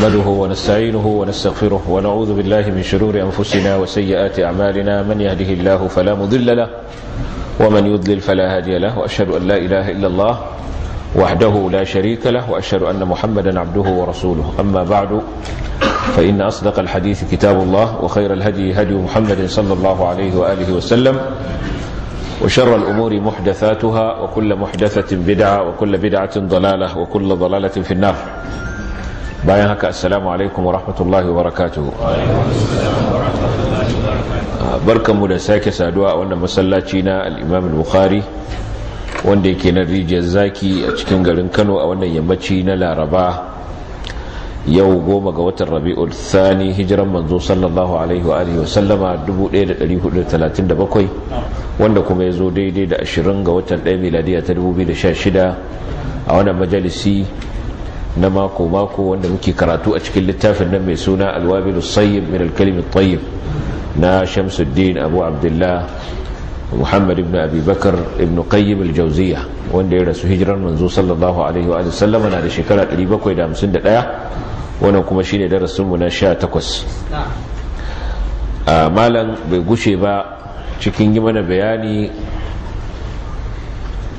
نحمده ونستعينه ونستغفره ونعوذ بالله من شرور أنفسنا وسيئات أعمالنا من يهده الله فلا مضل له ومن يضلل فلا هادي له وأشهد أن لا إله إلا الله وحده لا شريك له وأشهد أن محمدا عبده ورسوله أما بعد فإن أصدق الحديث كتاب الله وخير الهدي هدي محمد صلى الله عليه وآله وسلم وشر الأمور محدثاتها وكل محدثة بدعة وكل بدعة ضلالة وكل ضلالة في النار bayan haka assalamu alaikum wa rahmatullahi wa barakatuhu ah, barkanmu da sake saduwa a wannan masallaci na al-imam al-bukhari wanda yake na rijiyar zaki a cikin garin kano a wannan yammaci na laraba yau goma ga watan rabi'ul thani hijiran manzo sallallahu alaihi wa alihi wa sallama 1437 wanda kuma ya zo daidai da 20 ga watan 1 miladiya ta 2016 a wannan majalisi na mako mako wanda muke karatu a cikin littafin nan mai suna alwabilu sayyib min alkalimit tayyib na shamsuddin abu abdullah muhammad ibn abi bakar ibn qayyim al wanda ya rasu hijirar manzo sallallahu alaihi wa sallama na da shekara 751 wannan kuma shine darasin mu na 18 a malam bai gushe ba cikin yi mana bayani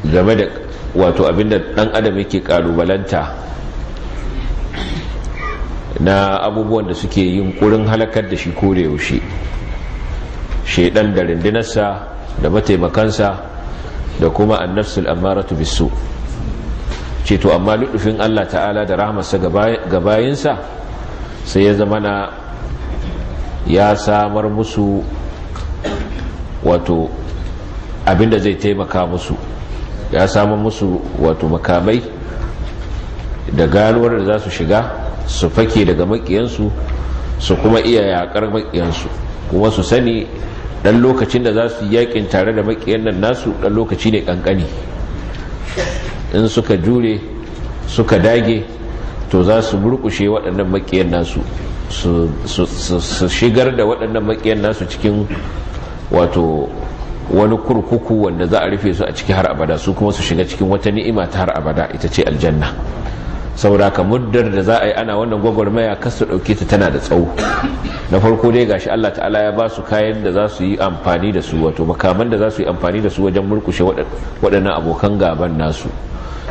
game da wato abinda dan adam yake kalubalanta na abubuwan da suke yin kurin halakar da shi kore yaushe shaidan da rindinarsa da mataimakansa da kuma annafsul amaratu bisu ce to amma luɗufin Allah ta'ala da rahmarsa ga bayinsa sai ya zama na ya samar musu wato abinda zai taimaka musu ya samar musu wato makamai da ganuwar da za su shiga su fake daga makiyansu su kuma iya yakar makiyansu kuma su sani dan lokacin da za su yakin tare da makiyan nan nasu dan lokaci ne kankani in suka jure suka dage to za su burkushe waɗannan makiyan nasu su shigar da waɗannan makiyan nasu cikin wato wani kurkuku wanda za a rufe su a ciki har abada su kuma su shiga cikin wata ni'ima ta har abada ita ce aljanna saboda ka muddar da za a yi ana wannan gwagwarmaya kas su ɗauke ta tana da tsawo na farko dai gashi Allah ta'ala ya ba su kayan da za su yi amfani da su wato makaman da za su yi amfani da su wajen murkushe waɗannan abokan gaban nasu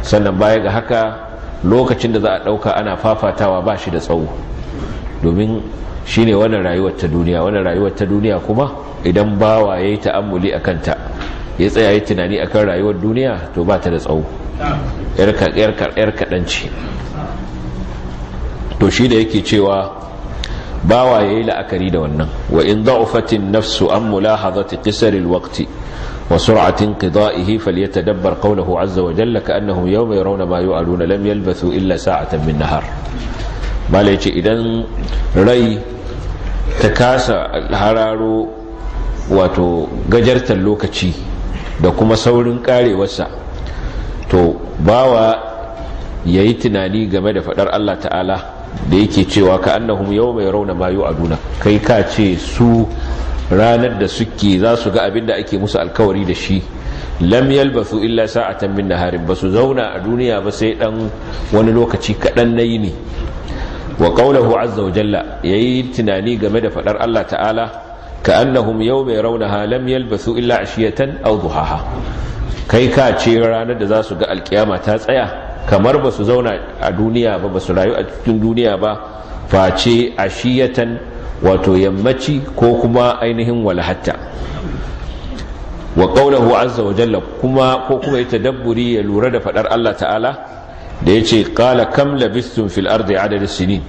sannan baya ga haka lokacin da za a ɗauka ana fafatawa ba shi da tsawo domin shi ne wannan rayuwar ta duniya wannan rayuwar ta duniya kuma idan bawa ya yi ta'ammuli a kanta ya tsaya yi tunani akan rayuwar duniya to ba ta da tsawo yar kaɗanci to shi da yake cewa bawa ya yi la'akari da wannan wa in da'ufatin nafsu an mulahazati qisaril waqti wa sur'atin qida'ihi falyatadabbar qawluhu azza wa jalla ka'annahum yawma yarawna ma yu'aluna lam yalbathu illa sa'atan min nahar malai ce idan rai ta kasa hararo wato gajartar lokaci da kuma saurin karewarsa to bawa ya yi tunani game da faɗar Allah ta'ala da yake cewa ka annahum yau mai rauna mayu a duna kai ka ce su ranar da suke za su ga abin da ake musu alkawari da shi lam yalbasu illa sa'atan min naharin ba su zauna a duniya ba sai dan wani lokaci kaɗan na ne? wa qawluhu azza wa jalla yayi tunani game da faɗar Allah ta'ala ka annahum yau mai rauna lam yalbasu illa ashiyatan aw duhaha kai ka ce ranar da za su ga alkiyama ta tsaya kamar ba su zauna a duniya ba ba su rayu a cikin duniya ba face a shiyatan wato yammaci ko kuma ainihin walhatta wa qawluhu azza wa jalla kuma ko kuma ita dabburi ya lura da faɗar Allah ta'ala da yace qala kam labistum fil ardi adad sinin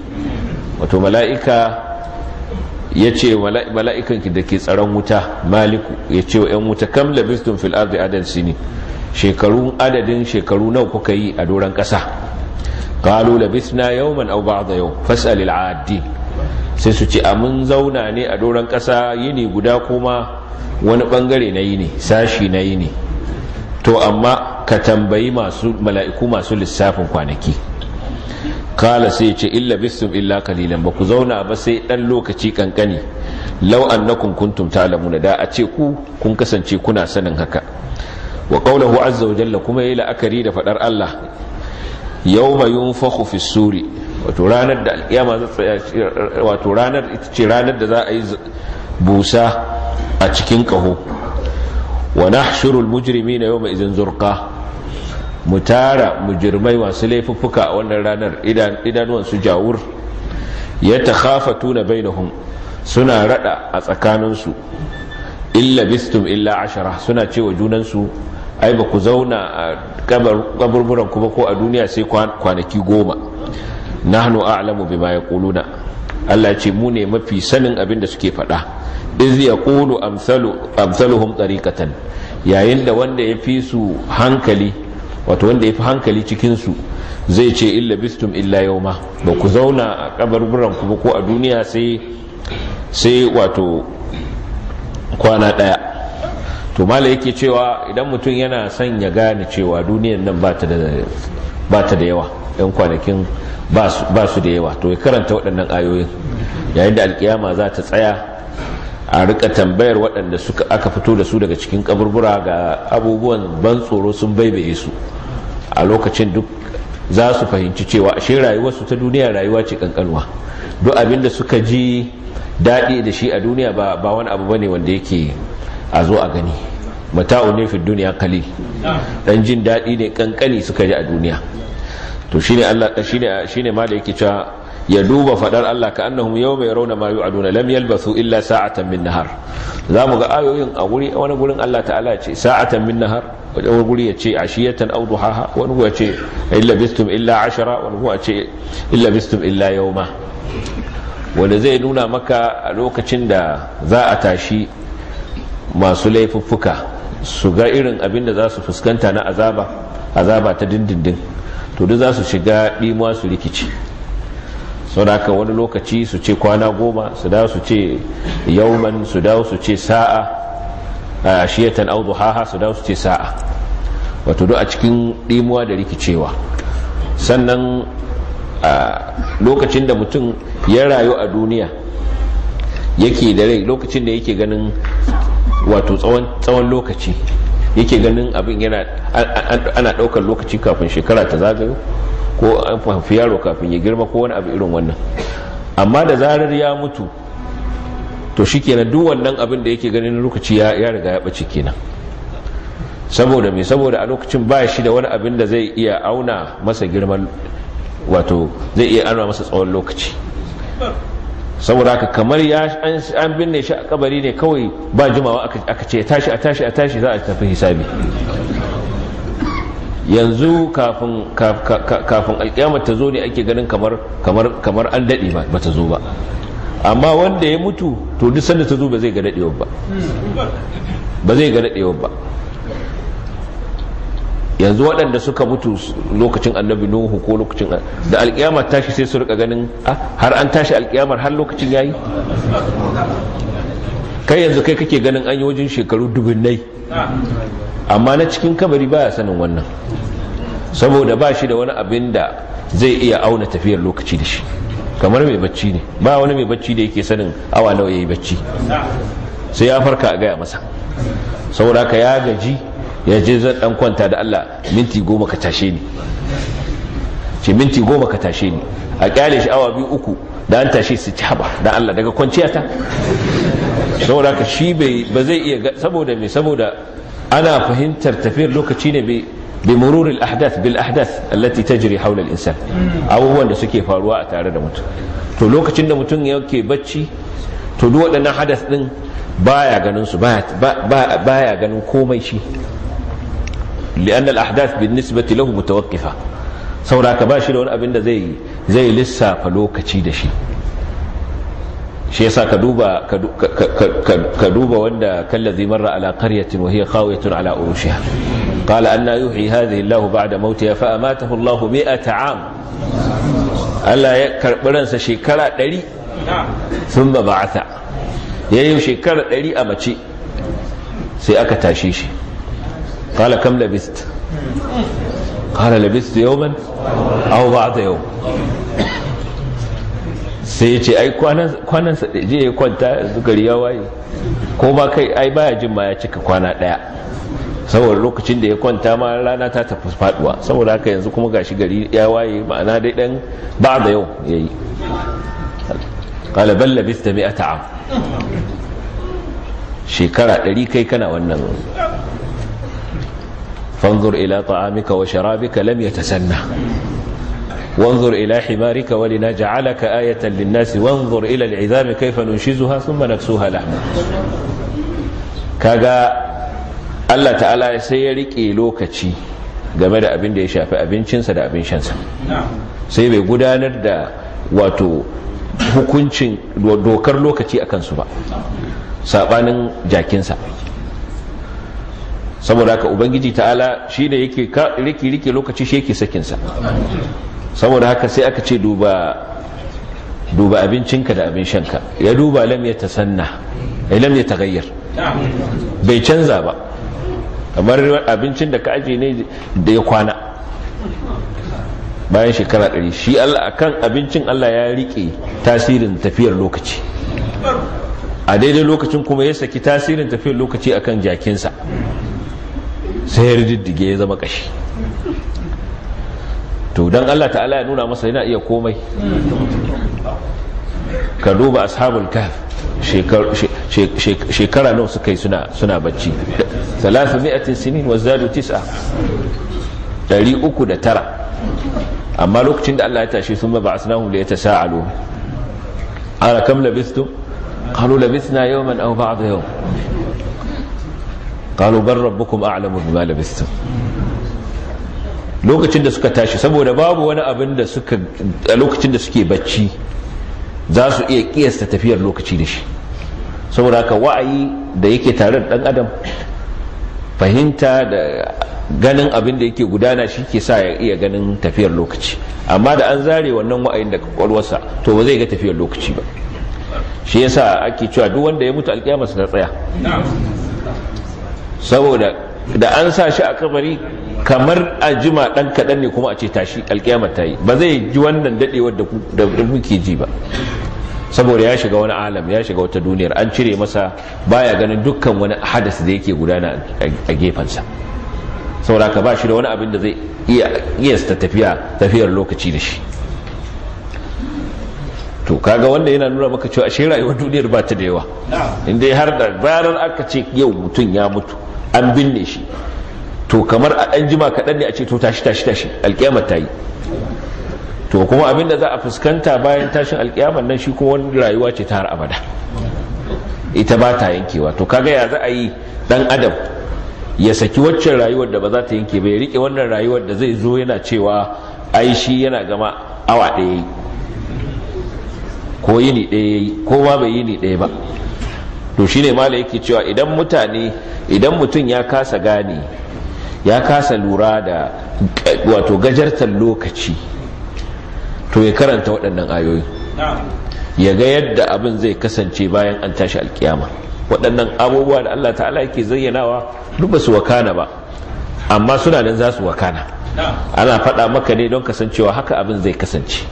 wato mala'ika ya ce mala'ikanki da ke tsaron wuta maliku ya ce wa 'yan wuta kam labistun fil ardi adad ne shekaru adadin shekaru nawa kuka yi a doron ƙasa qalu labisna yawman aw ba'da yau fasalil al sai su ce a mun zauna ne a doron ƙasa yini guda kuma wani bangare na yini sashi na yini to amma ka tambayi masu mala'iku masu lissafin kwanaki kala sai ce illa bisum illa kalilan ba ku zauna ba sai dan lokaci kankani law annakum kuntum ta'lamuna da a ce ku kun kasance kuna sanin haka wa qawluhu azza wa jalla kuma yayi la'akari da fadar Allah yawma yunfakhu fi suri wato ranar da alkiyama wato ranar ita ce ranar da za a yi busa a cikin kaho wa na mujrimina yawma idzin zurqa mu tara jirmai masu laifuffuka a wannan ranar idanuwan jawur ya ta takhafatu na bainahum suna rada a tsakaninsu illa bistum illa ashara suna cewa junansu ai ba ku zauna a kaburburan kuma ko a duniya sai kwanaki goma nahnu a'lamu bima yaquluna Allah ce mu ne mafi sanin abin da suke faɗa iz yaqulu amsalu amsaluhum tariqatan yayin da wanda ya fi su hankali wato wanda ya fi hankali cikinsu zai ce illa bistum illa yauma ba ku zauna a kabarburan ku ba ko a duniya sai sai wato kwana daya. to mala yake cewa idan mutum yana son ya gane cewa duniyan nan ba ta da yawa yan kwanakin ba su da yawa to ya karanta waɗannan ayoyin yayin da alkiyama za ta tsaya a rika tambayar waɗanda suka aka fito da su daga cikin kaburbura ga abubuwan ban tsoro sun baibaye su a lokacin duk za su fahimci cewa ashe rayuwarsu ta duniya rayuwa ce ƙanƙanwa duk abin da suka ji daɗi da shi a duniya ba wani abu bane wanda yake a zo a gani mata'u ne fi duniya kali dan jin daɗi ne kankani suka ji a duniya to shine Allah shine shine ma da yake cewa ya duba fadar Allah ka annahum yawma yarawna ma yu'aduna lam yalbathu illa sa'atan min nahar zamu ga ayoyin a guri wani gurin Allah ta'ala ce sa'atan min nahar wani guri ya ce ashiyatan aw duhaha wani guri ya ce illa bistum illa ashara wani guri ya ce illa bistum illa yawma wanda zai nuna maka a lokacin da za a tashi masu laifuffuka su ga irin abin da za su fuskanta na azaba azaba ta dindindin to duk za su shiga ɗimuwa su rikici sau da wani lokaci su ce kwana goma su dawo su ce yauman su dawo su ce sa'a a shiyatan audu haha su dawo su ce sa'a wato duk a cikin ɗimuwa da rikicewa sannan a lokacin da mutum ya rayu a duniya yake da rai lokacin da yake ganin wato tsawon lokaci yake ganin abin yana ana ɗaukar lokaci kafin shekara ta zagayo ko an fahimfi yaro kafin ya girma ko wani abu irin wannan amma da zarar ya mutu to shi kenan duk wannan abin da yake ganin lokaci ya riga ya ɓace kenan saboda mai saboda a lokacin ba shi da wani abin da zai iya auna masa girman wato zai iya auna masa tsawon lokaci saboda haka kamar ya an binne shi a kabari ne kawai ba jimawa aka ce tashi a tashi za a tafi hisabi yanzu kafin alƙiyama ta zo ne ake ganin kamar an dade ba ta zo ba amma wanda ya mutu to duk sanda ta zo ba zai ga dadewar ba ba zai ga dadewar ba yanzu waɗanda suka mutu lokacin annabi nuhu ko lokacin da alkiyama tashi sai su rika ganin ah, har an tashi alkiyamar har lokacin yayi kai yanzu kai kake ganin an yi wajen shekaru nai amma na cikin kabari baya sanin wannan saboda ba shi da wani abin da zai iya auna tafiyar lokaci da shi kamar mai bacci ne ba wani mai bacci da yake sanin awa nawa ya yi bacci sai ya farka a gaya masa saboda ka ya gaji ya je zan dan kwanta da Allah minti goma ka tashe ni ce minti goma ka tashe ni a kyale shi awa biyu uku da an tashe su ci haba da Allah daga kwanciya ta saboda ka shi ba zai iya saboda me saboda ana fahimtar tafiyar lokaci ne bi mururil ahdath bil ahdath allati tajri hawla al insan abubuwan da suke faruwa a tare da mutum to lokacin da mutum yake bacci to duk waɗannan hadas din baya ganin su baya ganin komai shi li'an al ahdath bin nisbati lahu mutawaqqifa saboda ka ba shi da wani abin da zai zai lissafa lokaci da shi shi yasa ka duba ka duba wanda kallazi marra ala qaryatin wa hiya khawiyatun ala urushiha qala anna yuhyi hadhihi Allahu ba'da mautiha fa amatahu Allahu mi'ata 'am Allah ya karbi ransa shekara 100 thumma ba'atha yayin shekara 100 a mace sai aka tashe shi qala kam labist qala labist yawman aw ba'da yawm sai ya ce ai kwanan sa je ya kwanta gari ya waye ko ma kai ai baya jin ma ya cika kwana daya saboda lokacin da ya kwanta ma rana ta tafi faduwa saboda haka yanzu kuma gashi gari ya waye ma'ana dai dan ba da yau yayi qala bal labista mi'ata am shekara 100 kai kana wannan fanzur ila ta'amika wa sharabika lam yatasanna وانظر إلى حمارك ولنجعلك آية للناس وانظر إلى العظام كيف ننشزها ثم نكسوها لحما كذا Allah ta'ala sai ya rike lokaci game da abin da ya shafi abincinsa da abin shansa sai bai gudanar da wato hukuncin dokar lokaci a kansu ba sabanin jakinsa saboda haka ubangiji ta'ala shi da yake rike rike lokaci shi yake sakinsa saboda haka sai aka ce duba duba abincinka da abin shanka ya duba lam ya tasanna eh, lam ya tagayyar bai canza ba kamar abincin da ka aje ne da ya kwana bayan shekara ɗari shi kan abincin Allah ya riƙe tasirin tafiyar lokaci a daidai lokacin kuma ya saki tasirin tafiyar lokaci akan jakinsa sai ya riddige ya zama ƙashi to dan Allah ta'ala ya nuna masa yana iya komai ka duba ashabul kahf shekara nawa suka yi suna bacci 300 sinin wa zadu tis'a 309 amma lokacin da Allah ya tashi sun ba asnahum da ya ta tasa'alu ala kam labistum qalu labisna yawman aw ba'd yawm qalu bal rabbukum a'lamu bima labistum lokacin da suka tashi saboda babu wani abin da suka a lokacin da suke bacci za su iya kiyasta tafiyar lokaci da shi saboda haka wa'ayi da yake tare da dan adam fahimta da ganin abin da yake gudana shi ke sa ya iya ganin tafiyar lokaci amma da an zare wannan wa'ayin da kwakwalwarsa to ba zai ga tafiyar lokaci ba shi yasa ake cewa duk wanda ya mutu alkiyama na tsaya saboda da an sa shi a kabari kamar a jima ɗan kaɗan ne kuma a ce tashi alƙiyama ta yi ba zai ji wannan daɗewar da muke ji ba saboda ya shiga wani alam ya shiga wata duniyar an cire masa baya ganin dukkan wani hadas da yake gudana a gefensa saboda ka ba shi da wani abin da zai iya tafiya tafiyar lokaci da shi to kaga wanda yana nuna maka cewa ashe rayuwar duniyar ba ta da yawa inda har da zarar aka ce yau mutum ya mutu an binne shi to kamar a ɗan jima kaɗan ne a ce to tashi tashi tashi alƙiyamar ta yi to kuma abin da za a fuskanta bayan tashin alƙiyamar nan shi kuma wani rayuwa ce ta har abada ita ba ta yankewa to kaga ya za a yi ɗan adam ya saki waccan rayuwar da ba za ta yanke ba ya riƙe wannan rayuwar da zai zo yana cewa ai shi yana gama awa ɗaya yi ko yini ɗaya yi ko ma bai yini ɗaya ba to shine mala yake cewa idan mutane idan mutum ya kasa gane ya kasa lura da wato gajartar lokaci to ya karanta waɗannan ayoyi ya ga yadda abin zai kasance bayan an tashi alkiyama waɗannan abubuwa da Allah ta'ala yake zayyanawa duk ba su wakana ba amma suna nan za su wakana ana faɗa maka ne don kasancewa haka abin zai kasance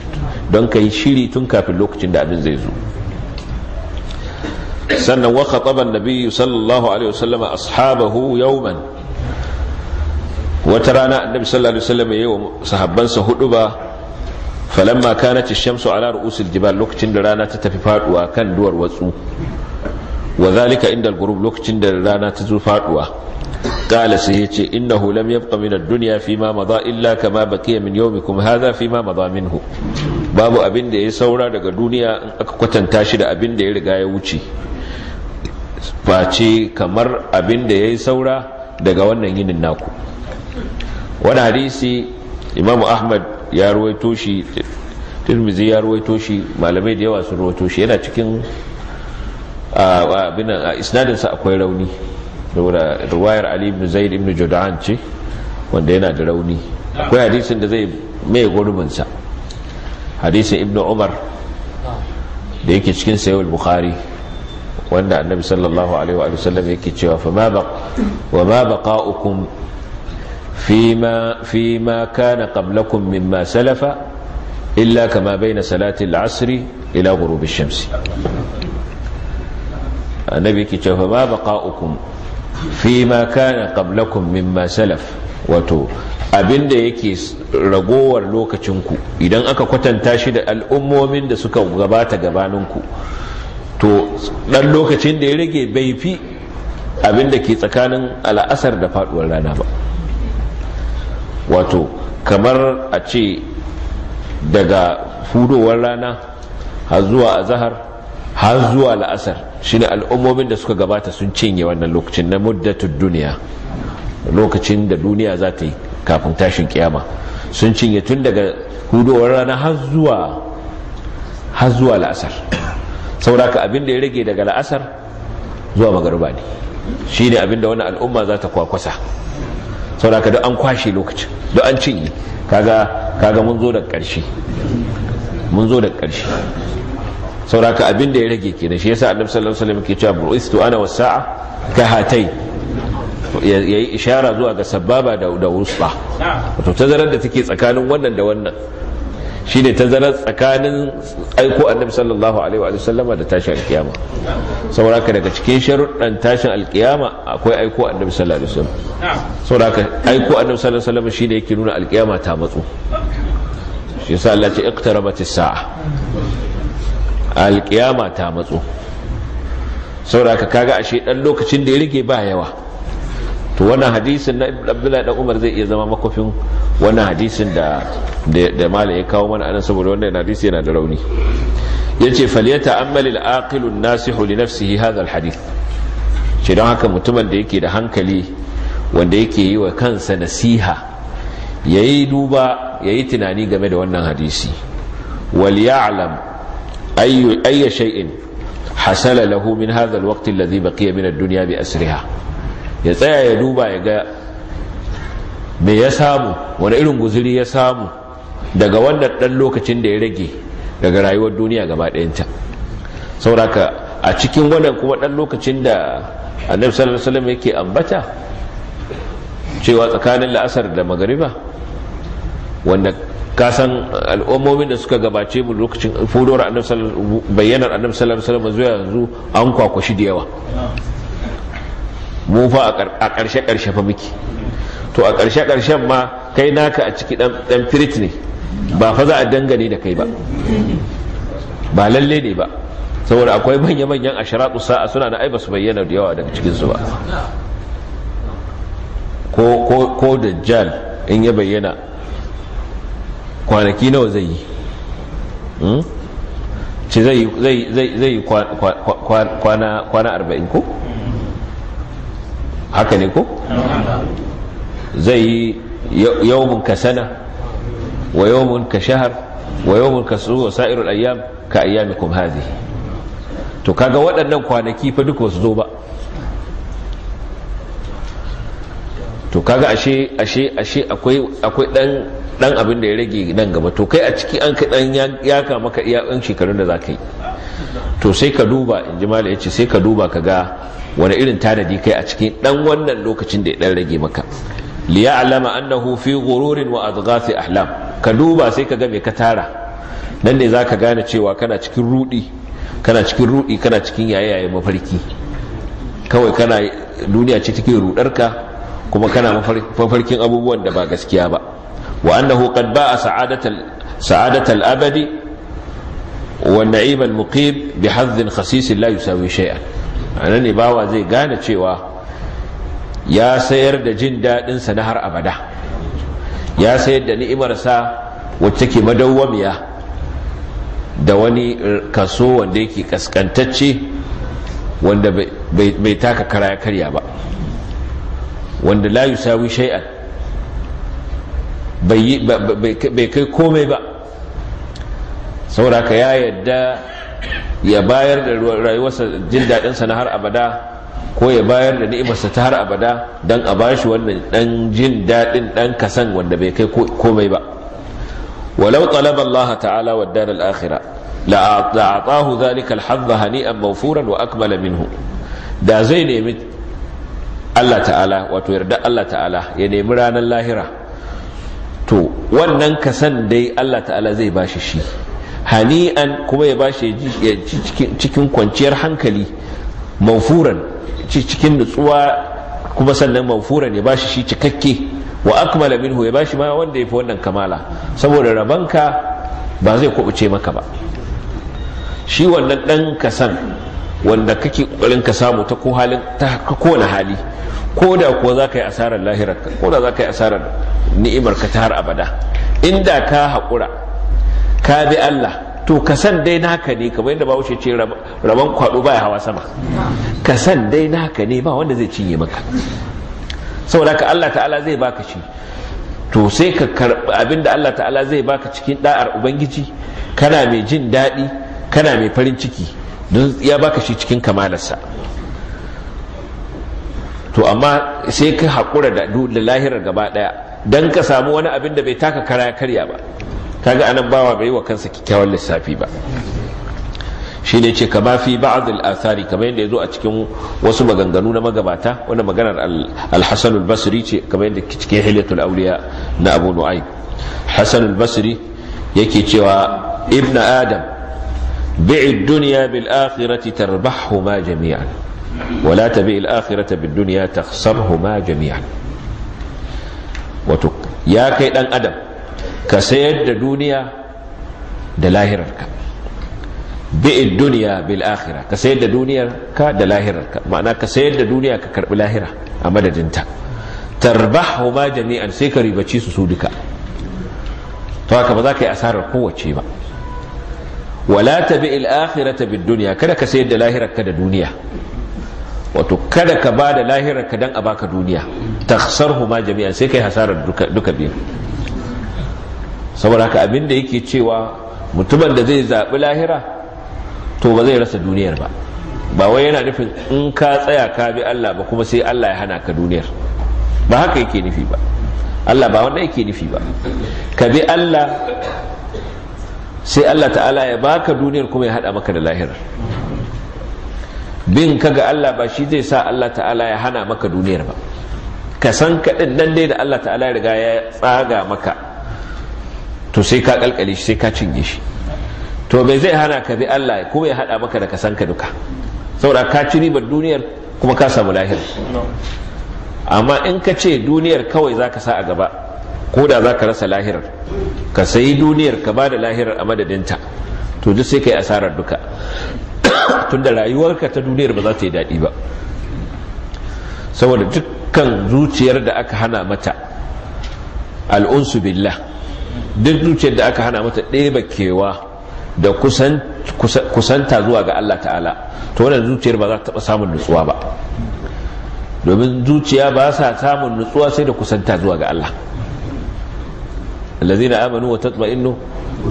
don ka yi shiri tun kafin lokacin da abin zai zo sannan wa khataban nabiyyu sallallahu alaihi wasallama ashabahu yawman wata rana annabi sallallahu alaihi wasallam yayi wa sahabbansa hudu ba falamma kanat ash-shamsu ala ru'usil jibal lokacin da rana ta tafi faduwa kan duwar watsu wa zalika inda al-ghurub lokacin da rana ta zo faduwa qala sai yace innahu lam yabqa min ad-dunya fi ma madha illa kama baqiya min yawmikum hadha fi ma madha minhu babu abin da ya saura daga duniya in aka kwatanta shi da abin da ya riga ya wuce face kamar abin da ya yi saura daga wannan yinin naku wani hadisi imamu ahmad ya ruwaito shi tirmizi ya ruwaito shi malamai da yawa sun ruwaito shi yana cikin abinan sa akwai rauni saboda ruwayar ali ibn zaid ibn judan ce wanda yana da rauni akwai hadisin da zai mai gurbinsa hadisin ibn umar da yake cikin sayawar bukhari wanda annabi sallallahu alaihi wa sallam yake cewa fa ma baqa'ukum فيما فيما كان قبلكم مما سلف إلا كما بين صلاة العصر إلى غروب الشمس النبي كتاب ما بقاؤكم فيما كان قبلكم مما سلف wato abin da yake ragowar lokacinku idan aka kwatanta shi da al'ummomin da suka gabata gabaninku to ɗan lokacin da ya rage bai fi abin da ke tsakanin al'asar da faɗuwar rana ba wato kamar a ce daga fudowar rana har zuwa azahar har zuwa la'asar shine al'ummomin da suka gabata sun cinye wannan lokacin na muddatun duniya lokacin da duniya za ta yi kafin tashin kiyama sun cinye tun daga hudowar rana har zuwa la'asar la'asar sauraka abin da ya rage daga la'asar zuwa magariba ne shine abin da wani al'umma za ta kwakwasa saboda ka duk an kwashe lokacin duk an cinye kaga kaga mun zo da ƙarshe mun zo da ƙarshe sauraka abin da ya rage kenan shi yasa annabi sallallahu alaihi wasallam ke cewa bu'istu ana wasa'a ka hatai ya yi ishara zuwa ga sababa da da wusta wato tazarar da take tsakanin wannan da wannan shine tazarar tsakanin aiko annabi sallallahu alaihi wa sallama da tashin alkiyama saboda daga cikin sharuɗan tashin alkiyama akwai aiko annabi sallallahu alaihi wa wasallam saboda aiko annabi sallallahu alaihi wa wasallam shine yake nuna alkiyama ta matsu. shi yasa Allah ce iqtarabatis sa'a alkiyama ta matso saboda kaga ashe dan lokacin da ya rike ba yawa to wannan hadisin na abdullahi dan umar zai iya zama makofin wannan hadisin da da malam ya kawo mana anan saboda wannan hadisi yana da rauni yace falyata'ammal al-aqilu an-nasihu li nafsihi hadha al-hadith haka mutumin da yake da hankali wanda yake yi wa kansa nasiha yayi duba yayi tunani game da wannan hadisi wal ya'lam ayyu ayy shay'in hasala lahu min hadha al-waqt alladhi baqiya min ad-dunya bi asriha ya tsaya ya duba ya ga me ya samu wani irin guzuri ya samu daga wannan ɗan lokacin da ya rage daga rayuwar duniya gaba ɗayanta sauraka a cikin wannan kuma ɗan lokacin da annabi sallallahu alaihi wasallam yake ambata cewa tsakanin la'asar da magariba wanda kasan al'ummomin da suka gabace mu lokacin fudowar annabi sallallahu alaihi wasallam bayyanar annabi sallallahu alaihi zuwa yanzu an kwakwashi da yawa mu fa a ƙarshe ƙarshe fa muke to a ƙarshe ƙarshen ma kai naka a ciki ɗan firit ne ba fa za a dangane da kai ba ba lalle ne ba saboda akwai manya-manyan kusa sa'a suna na ba su bayyana da yawa daga cikinsu ba ko dajjal in ya bayyana kwanaki nawa zai yi hmm? ce zai yi kwana arba'in ko? haka ne ko zai yi yawmun ka sana wa yawmun ka shahar wa yawmun ka su sa'irul ayyam ka ayyamikum hadhihi to kaga waɗannan kwanaki fa duka wasu zo ba to kaga ashe ashe ashe akwai akwai dan dan abin da ya rage nan gaba to kai a ciki an ka dan ya ka maka iya shekarun da ka yi to sai ka duba in ji mala ce sai ka duba ka ga. wani irin tanadi kai a cikin dan wannan lokacin da ya dan rage maka alama annahu fi ghururin wa adghafi ahlam ka duba sai ka ga me ka tara nan ne zaka gane cewa kana cikin rudi kana cikin rudi kana cikin yayaye mafarki kawai kana duniya ce take rudarka kuma kana mafarkin abubuwan da ba gaskiya ba wa annahu qad ba'a sa'adatal sa'adatal abadi wa na'imal muqim bi hadhin khasis la yusawi shay'an ana ne bawa zai gane cewa ya sayar da jin daɗinsa na har abada ya sayar da ni'imar sa wacce ke madawwamiya da wani kaso wanda yake kaskantacce wanda bai taka ya karya ba wanda la yusawi shay'an bai kai komai ba sauraka ya yadda ya bayar da rayuwarsa jin daɗinsa na har abada ko ya bayar da ni'imarsa ta har abada don a bashi wannan ɗan jin daɗin ɗan kasan wanda bai kai komai ba walau talaba Allah ta'ala wa dar al-akhira la'atahu zalika al-hazza hani'an mawfuran wa akmala minhu da zai nemi Allah ta'ala wato yarda Allah ta'ala ya nemi ranar lahira to wannan kasan dai Allah ta'ala zai bashi shi hani'an kuma ya bashi ya cikin kwanciyar hankali maufuran cikin nutsuwa kuma sannan maufuran ya bashi shi cikakke wa akmala minhu ya bashi ma wanda ya fi wannan kamala saboda rabanka ba zai kubuce maka ba shi wannan ɗan kasan wanda kake kokarin ka samu ta kowane hali ko da ko za ka yi asarar lahirarka ko da za ka yi asarar ni'imarka ta har abada inda ka haƙura ka bi Allah to ka san dai naka ne kamar yadda bawo ce rabon kwado baya hawa sama ka san dai naka ne ba wanda zai cinye maka saboda ka Allah ta'ala zai baka shi to sai ka karɓi abinda Allah ta'ala zai baka cikin da'ar ubangiji kana mai jin daɗi kana mai farin ciki don ya baka shi cikin kamalarsa to amma sai ka haƙura da lahirar gaba ɗaya don ka samu wani abin da bai taka kara karya ba kaga anan bawa bai wa kansa kyakkyawan lissafi ba shi ne ce kama fi ba'd al-athari kamar yadda yazo a cikin wasu maganganu na magabata wanda maganar al-Hasan al-Basri ce kamar yadda cikin Hilyatul Awliya na Abu Nu'aym Hasan al-Basri yake cewa ibn Adam bi'i dunya bil akhirati tarbahuma ma jami'an wa la tabi al akhirata bid dunya takhsarhu jami'an wato ya kai dan adam ka sayar da duniya da lahirarka bi'id duniya bil akhirah ka sayar da duniyar ka da lahirarka ma'ana ka sayar da duniya ka karbi lahira a madadinta tarbahu ma jami'an sai ka ribaci su su duka to haka ba za ka yi asarar kowace ba wala tabi'il akhirata bid dunya kada ka sayar da lahirarka da duniya wato kada ka ba da lahirar ka dan a baka duniya takhsarhu ma jami'an sai kai hasarar duka duka biyu saboda haka abin da yake cewa mutumin da zai zaɓi lahira to ba zai rasa duniyar ba ba wai yana nufin in ka tsaya ka bi Allah ba kuma sai Allah ya hana ka duniyar ba haka yake nufi ba Allah ba wanda yake nufi ba ka bi Allah sai Allah ta'ala ya baka duniyar kuma ya hada maka da lahirar bin ka ga Allah ba shi zai sa Allah ta'ala ya hana maka duniyar ba kasan san kaɗin nan dai da Allah ta'ala ya riga ya tsaga maka to sai ka kalkale shi sai ka cinye shi to bai zai hana ka bi Allah ko ya hada maka da kasan ka duka saboda ka ci ribar duniyar kuma ka samu lahira amma in ka ce duniyar kawai zaka sa a gaba ko da zaka rasa lahirar ka sayi duniyar ka ba da lahirar a madadinta to duk sai kai asarar duka tunda rayuwarka ta duniyar ba za ta yi daɗi ba saboda dukkan zuciyar da aka hana mata al'unsu billah duk zuciyar da aka hana mata ɗeba kewa da kusanta zuwa ga Allah ta'ala to wannan zuciyar ba za ta taɓa samun nutsuwa ba domin zuciya ba sa samun nutsuwa sai da kusanta zuwa ga Allah allazina amanu wa tatma'innu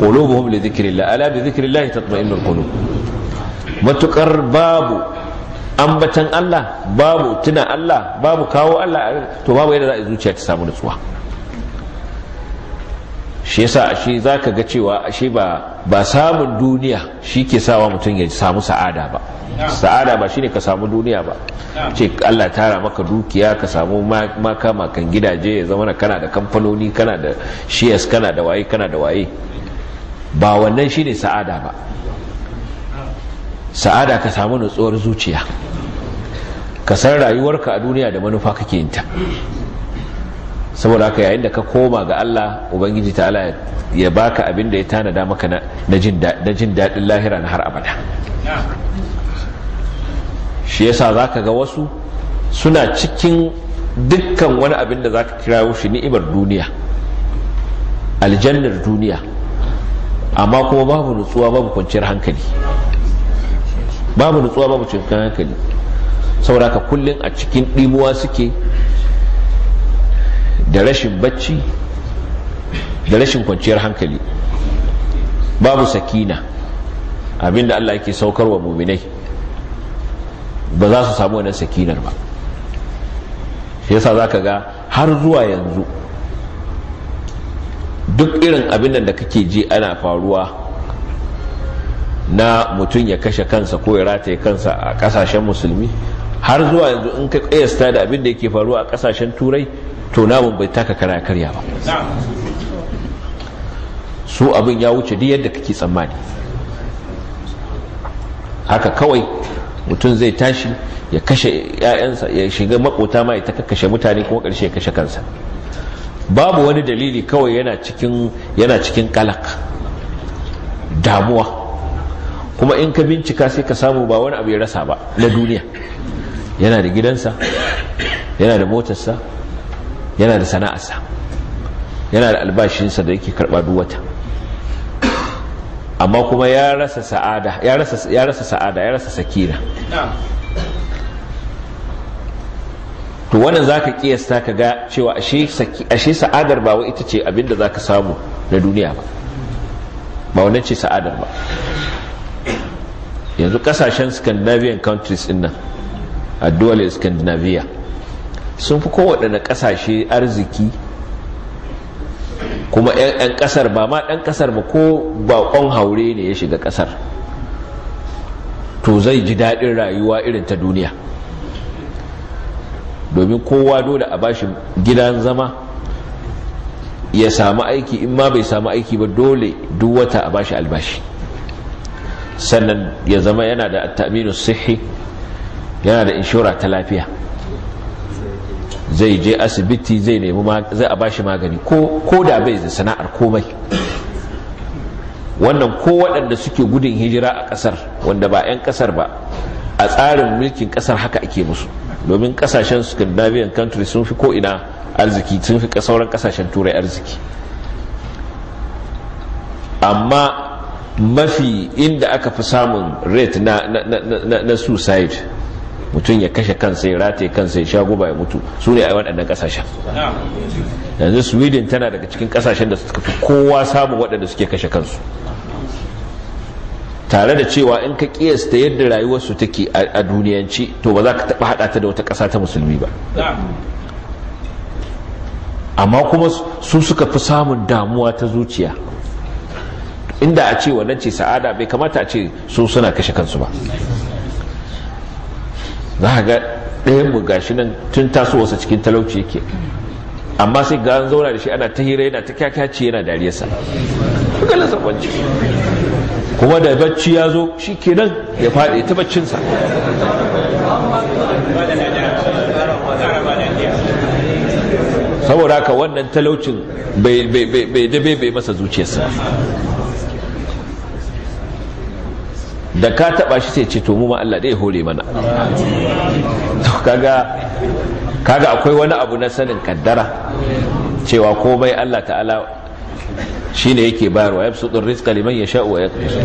qulubuhum li dhikrillah ala bi dhikrillah tatma'innu alqulub matukar babu ambatan Allah babu tuna Allah babu kawo Allah to babu yadda za a zuciya ta samu nutsuwa shi yasa ashe zaka ga cewa ashe ba ba samun duniya shi ke sawa mutum ya samu sa'ada ba sa'ada ba shine ka samu duniya ba ce Allah tara maka dukiya ka samu maka makan gidaje ya zama kana da kamfanoni kana da shares kana da waye kana da waye ba wannan shine sa'ada ba sa'ada ka samu nutsuwar zuciya ka san rayuwarka a duniya da manufa kake yin ta saboda haka yayin da ka koma ga Allah ubangiji ta'ala ya baka abin da ya tanada maka na jin daɗin lahira na har abada shi yasa za ka ga wasu suna cikin dukkan wani abin da za ka kira shi ni'imar duniya aljannar duniya amma kuma babu nutsuwa babu kwanciyar hankali babu nutsuwa babu cikin hankali saboda haka kullum a cikin ɗimuwa suke da rashin bacci da rashin kwanciyar hankali babu sakina abinda Allah yake wa muminai ba za su samu wannan sakinar ba shi yasa zaka ga har zuwa yanzu duk irin abin da kake ji ana faruwa na mutum ya kashe kansa ko ya rataye kansa a kasashen musulmi har zuwa yanzu in ka kiyasta da abin da yake faruwa a kasashen turai to namun bai taka kara karya ba su abin ya wuce duk yadda kake tsammani haka kawai mutum zai tashi ya kashe 'ya'yansa ya shiga makota ma ita kashe mutane kuma karshe ya kashe kansa babu wani dalili kawai yana cikin yana cikin kalak damuwa kuma in ka bincika sai ka samu ba wani abu ya rasa ba na duniya yana da gidansa yana da motarsa yana da sana'arsa yana da albashinsa da yake karɓa duk wata amma kuma ya rasa sa'ada ya rasa ya sa'ada ya rasa sakina to wannan zaka kiyasta ka ga cewa ashe ashe sa'adar ba wai ita ce abinda zaka samu na duniya ba ba wannan ce sa'adar ba yanzu kasashen scandinavian countries din nan a dual scandinavia sun fi kowaɗanne ƙasashe arziki kuma 'yan ƙasar ba ma ɗan ƙasar ba ko baƙon haure ne ya shiga ƙasar to zai ji daɗin rayuwa irin ta duniya domin kowa dole a bashi gidan zama ya samu aiki in ma bai samu aiki ba dole duk wata a bashi albashi sannan ya zama yana da ta'aminu sihi yana da inshora ta lafiya zai je asibiti zai nemi zai a bashi magani ko da bai da sana'ar komai wannan ko waɗanda suke gudun hijira a ƙasar wanda ba 'yan ƙasar ba a tsarin mulkin ƙasar haka ake musu domin ƙasashen scandinavian country sun fi ko'ina arziki sun fi sauran ƙasashen turai arziki amma mafi inda aka fi samun rate na suicide mutum ya kashe kansa ya rataye kansa ya sha guba ya mutu su ne a waɗannan ƙasashen yanzu sweden tana daga cikin ƙasashen da suka fi kowa samun waɗanda suke kashe kansu tare da cewa in ka kiyasta yadda rayuwarsu take a duniyanci to ba za ka taɓa haɗa ta da wata ƙasa ta musulmi ba amma kuma su suka fi samun damuwa ta zuciya inda a ce wannan ce sa'ada bai kamata a ce su suna kashe kansu ba za ga ɗayan mu gashi nan tun tasowarsa cikin talauci yake amma sai ga an zauna da shi ana ta hira yana ta kyakyaci yana dariyarsa kallon kuma da bacci ya zo shi kenan ya faɗi ta baccinsa saboda haka wannan talaucin bai dabe bai masa zuciyarsa da ka taba shi sai ce to mu ma Allah dai hore mana to kaga kaga akwai wani abu na sanin kaddara cewa komai Allah ta'ala shine yake bayarwa yabsutur rizqa liman yasha wa yaqdir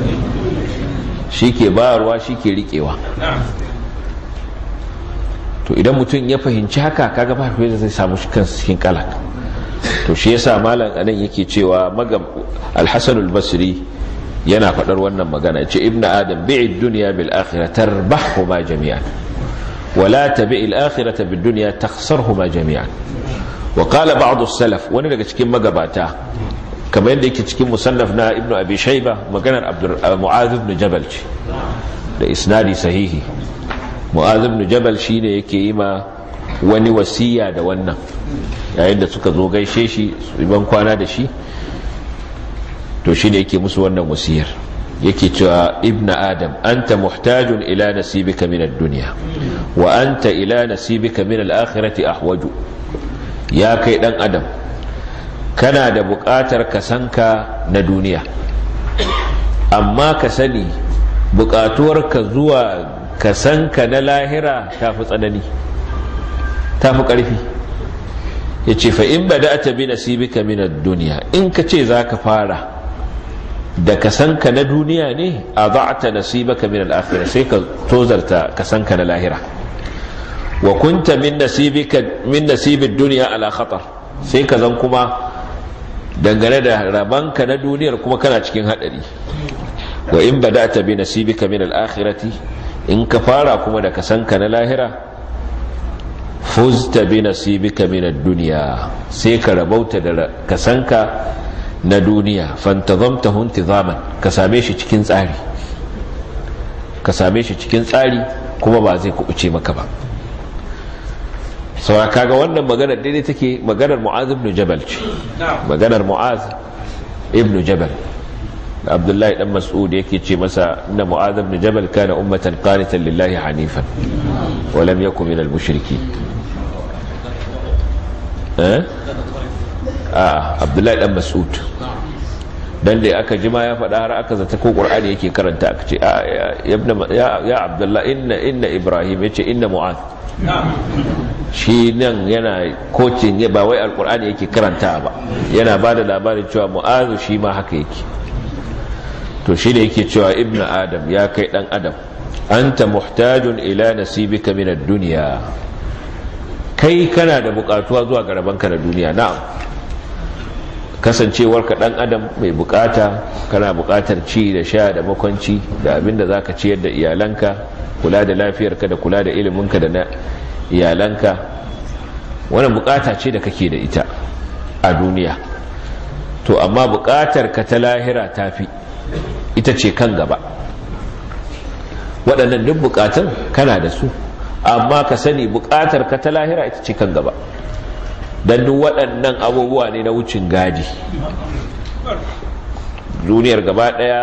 shi ke bayarwa shi ke riƙewa to idan mutum ya fahimci haka kaga ba kai zai samu shi kansa cikin kalak to shi yasa malam anan yake cewa magam al-hasan al-basri yana faɗar wannan magana ce ibn adam bi'i dunya bil akhirah ma jami'an wala ta akhirata bid dunya takhsaruhuma jami'an wa qala ba'd as-salaf wani daga cikin magabata kamar yadda yake cikin musannaf na ibn abi shayba maganar abdur mu'adh ibn jabal ce da isnadi sahihi mu'adh ibn jabal shine yake yi ma wani wasiya da wannan yayin da suka zo gaishe shi ban kwana da shi to shine yake musu wannan wasiyar yake cewa ibn adam anta muhtajun ila nasibika min ad-dunya wa anta ila nasibika min al-akhirati ahwaju ya kai dan adam kana da buƙatar ka sanka na duniya amma ka sani buƙatuwar ka zuwa ka sanka na lahira ta fi tsanani ta fi ƙarfi ya ce fa in ba ta bi nasibika min ad-dunya in ka ce za ka fara da ka kasanka na duniya ne a ta za'ata ka min al-akhirah sai ka tozarta ka kasanka na lahira wa kunta min nasibika min nasibid dunya ala khatar sai ka zan kuma dangane da rabon ka na duniyar kuma kana cikin hadari wa in ba bada'ta bi nasibika min al-akhirati in ka fara kuma da ka kasanka na lahira fuzta bi nasibika min duniya sai ka rabauta da ka kasanka na duniya fantazamtahu intizaman ka same shi cikin tsari ka same shi cikin tsari kuma ba zai kubuce maka ba saura kaga wannan maganar daidai take maganar mu'az ibn jabal ce maganar mu'az ibn jabal abdullahi dan mas'ud yake ce masa inna mu'az ibn jabal kana ummatan qanitan lillahi hanifan wa lam yakun minal eh a ah, abdullahi dan mas'ud dan da aka jima ya faɗa har aka zata ko qur'ani yake karanta aka ce ah, ya abdullahi inna inna ibrahim yace inna mu'az shi nan yana kocin ba wai alqur'ani yake karanta ba yana ba da labarin cewa mu'az shi ma haka yake to shi ne yake cewa ibnu adam ya kai dan adam anta muhtajun ila nasibika min ad-dunya kai kana da bukatuwa zuwa ga rabanka na duniya na'am kasancewar ka dan adam mai bukata kana bukatar ci da sha da makwanci da abin da ka ciyar da iyalanka kula da lafiyarka da kula da iliminka da na iyalanka wannan bukata ce da kake da ita a duniya to amma bukatar ka ta lahira tafi ita ce kan gaba waɗannan duk bukatun kana da su amma ka sani bukatar ka ta lahira ita ce kan gaba Dan duk waɗannan abubuwa ne na wucin gadi duniyar gaba ɗaya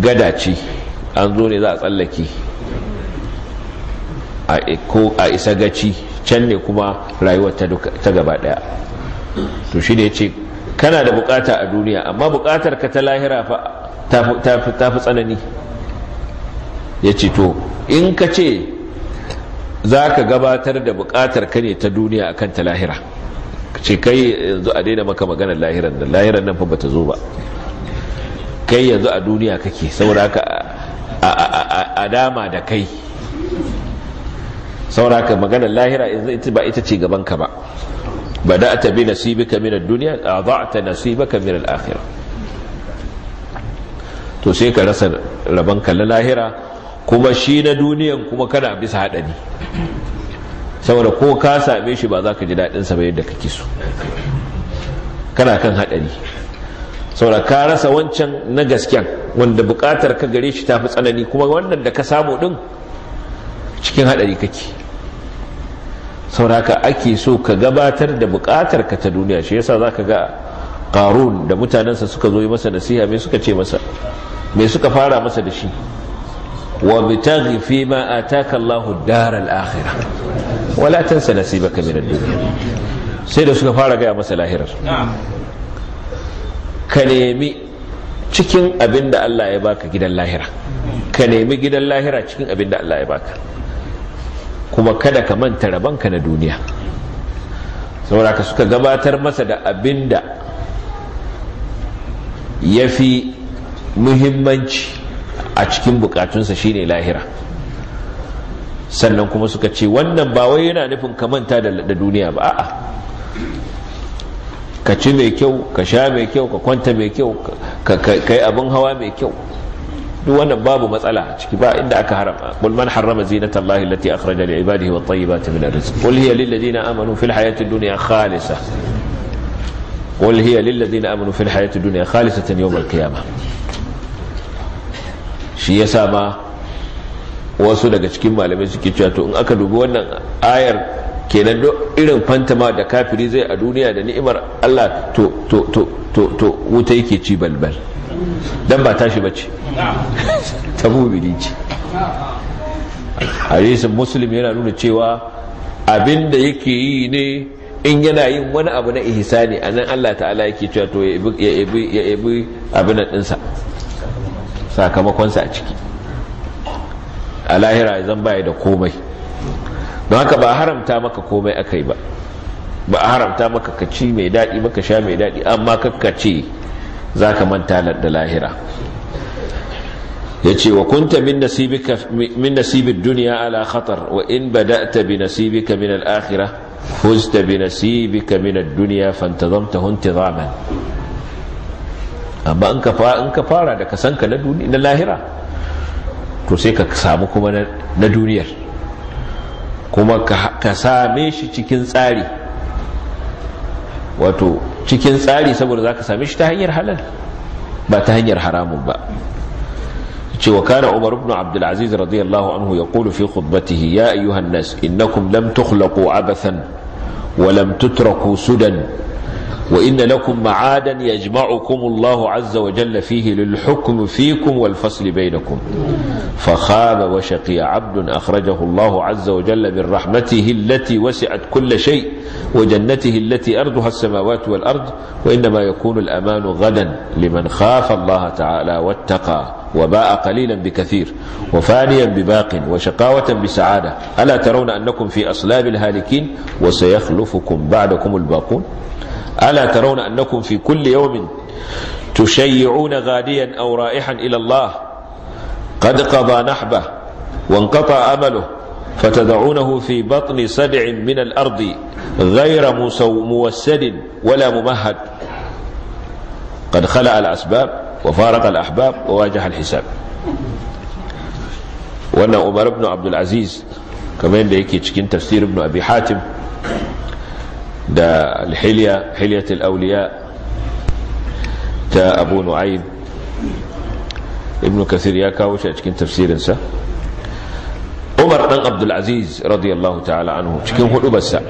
gada ce an zo ne za a tsallake a isa gaci can ne kuma rayuwar ta gaba ɗaya to shi ne ce kana da bukata a duniya amma bukatar ka ta lahira ta fi tsanani ya ce to in ka ce za ka gabatar da buƙatar ka ne ta duniya akan ta lahira ce kai yanzu a daina maka maganar lahiran nan lahiran nan fa bata zo ba kai yanzu a duniya kake saboda ka a dama da kai saboda ka maganar lahira yanzu ba ita ce gaban ka ba bi nasibika min بنصيبك من الدنيا أضعت نصيبك من الآخرة to sai ka rasa rabanka na lahira kuma shi na duniyan kuma kana bisa haɗari saboda ko ka same shi ba za ka ji daɗin sa ba yadda kake so kana kan haɗari saboda ka rasa wancan na gasken wanda buƙatar ka gare shi ta fi tsanani kuma wannan da ka samu ɗin cikin haɗari kake ka ake so ka gabatar da buƙatar ka ta duniya shi yasa za ka ga ƙarun da mutanensa suka zo yi masa nasiha me suka ce masa me suka fara masa da shi وابتغ فيما آتاك الله الدار الآخرة ولا تنسى نصيبك من الدنيا suka fara يا masa لاهرة ka nemi cikin abin da Allah ya baka gidan lahira ka nemi gidan lahira cikin abin da Allah ya baka kuma kada ka manta rabanka na duniya ka suka gabatar masa da abin da ya fi muhimmanci a cikin bukatunsa shine lahira sannan kuma suka ce wannan ba wai yana nufin ka manta da duniya ba a'a ka ci mai kyau ka sha mai kyau ka kwanta mai kyau ka kai abin hawa mai kyau duk wannan babu matsala ciki ba inda aka harama qul man harrama zinata allahi allati akhraja li ibadihi wat tayyibati min arrizq qul hiya lil ladina amanu fil hayati dunya khalisah qul hiya lil ladina amanu fil hayati dunya khalisatan yawm al qiyamah shi ya sa ma wasu daga cikin malamai suke cewa to in aka dubi wannan ayar kenan duk irin fantama da kafiri zai a duniya da ni'imar Allah to to to to to wuta yake ci balbal dan ba tashi bace ta mumini ce hadisin muslim yana nuna cewa abinda yake yi ne in yana yin wani abu na ihsani nan Allah ta'ala yake cewa to ya ebi ya ibi abin nan dinsa sakamakonsa a ciki a lahira zan baya da komai don haka ba haramta maka komai aka yi ba ba a haramta maka ka ci mai daɗi maka sha mai daɗi amma kakace ce za ka manta da lahira ya ce wa kunta min nasibin duniya ala khatar wa in bada'ta bi nasibika min al'akhirah fuzta bi nasibika min ad-dunya fantazamtahu intizaman amma in ka fara in ka fara da kasanka na duniya na lahira to sai ka samu kuma na duniyar kuma ka same shi cikin tsari wato cikin tsari saboda zaka same shi ta hanyar halal ba ta hanyar haramun ba cewa kana Umar ibn Abdul Aziz radiyallahu anhu yaqulu fi khutbatihi ya ayyuhan nas innakum lam tukhlaqu abathan wa lam tutraku sudan وإن لكم معادا يجمعكم الله عز وجل فيه للحكم فيكم والفصل بينكم فخاب وشقي عبد أخرجه الله عز وجل من رحمته التي وسعت كل شيء وجنته التي أرضها السماوات والأرض وإنما يكون الأمان غدا لمن خاف الله تعالى واتقى وباء قليلا بكثير وفانيا بباق وشقاوة بسعادة ألا ترون أنكم في أصلاب الهالكين وسيخلفكم بعدكم الباقون ألا ترون أنكم في كل يوم تشيعون غاديا أو رائحا إلى الله قد قضى نحبه وانقطع أمله فتدعونه في بطن سبع من الأرض غير موسد ولا ممهد قد خلع الأسباب وفارق الأحباب وواجه الحساب وأن عمر بن عبد العزيز كمان ده يكي تشكين تفسير ابن أبي حاتم da alhiliya hiliyatul auliya ta abu nu'aym ibn kasir ya kawo shi a cikin tafsirinsa umar dan abdulaziz radiyallahu ta'ala anhu cikin hudubarsa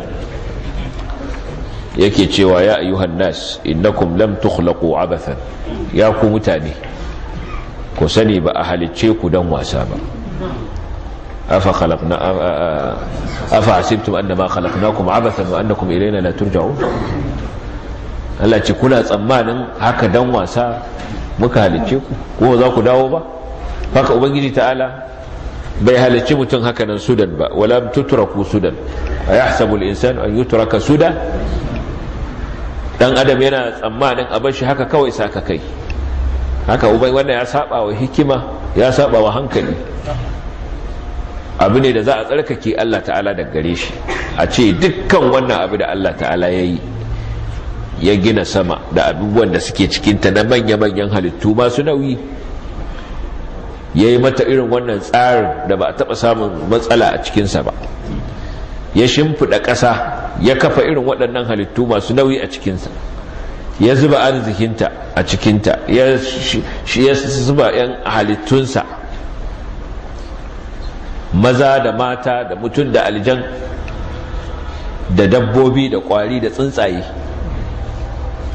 yake cewa ya ayyuhan nas innakum lam tukhlaqu abathan ya ku mutane ku sani ba a halicce ku dan wasa ba afa khalaqna afa hasibtum annama khalaqnakum abathan wa annakum ilayna la kuna tsammanin haka dan wasa muka halicce ku za ku dawo ba haka ubangiji ta'ala bai halicci mutum haka nan sudan ba wala ku sudan ayahsabu al-insan an yutraka sudan dan adam yana tsammanin a bashi shi haka kawai saka kai haka ubai wannan ya saba wa hikima ya saba wa hankali abu ne da za a tsarkake Allah ta'ala da gare shi a ce dukkan wannan abu da Allah ta'ala ya yi ya gina sama da abubuwan da suke cikinta na manya-manyan halittu masu nauyi ya yi mata irin wannan tsarin da ba a taɓa samun matsala a cikinsa ba ya shimfiɗa ƙasa ya kafa irin waɗannan halittu masu nauyi a cikinsa ya zuba arzikinta a cikinta ya zuba 'yan halittunsa maza da mata da mutum da aljan da dabbobi da kwari da tsuntsaye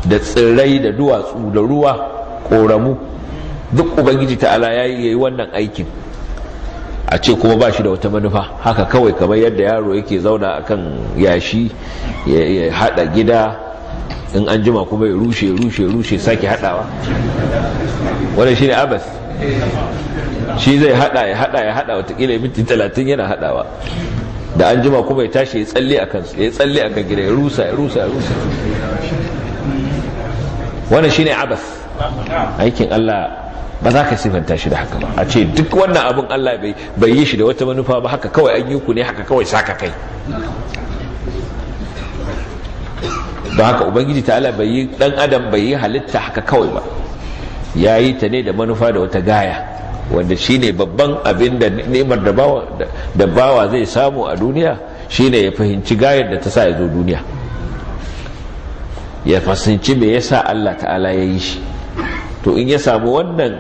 da tsirrai da duwatsu da ruwa ƙoramu duk ubangiji ta'ala ya yi wannan aikin a ce kuma ba shi da wata manufa haka kawai kamar yadda yaro yake zauna a kan yashi ya haɗa gida in an jima kuma ya rushe rushe rushe sake hadawa shi shine abas shi zai hada ya hada ya hada watakila minti talatin yana hadawa da an jima kuma ya tashi ya tsalle a kansu ya tsalle a kan gida ya rusa ya rusa ya rusa shi shine abas aikin Allah ba za ka sifanta shi da haka ba a ce duk wannan abin Allah bai yi shi da wata manufa ba haka kawai an yi ku ne haka kawai saka kai don haka ubangiji ta'ala bai yi dan adam bai yi halitta haka kawai ba ya yi ta ne da manufa da wata gaya wanda shine babban abin da nemar da bawa zai samu a duniya shine ya fahimci gayar da ta sa ya zo duniya ya fasinci me sa Allah ta'ala ya yi shi to in ya samu wannan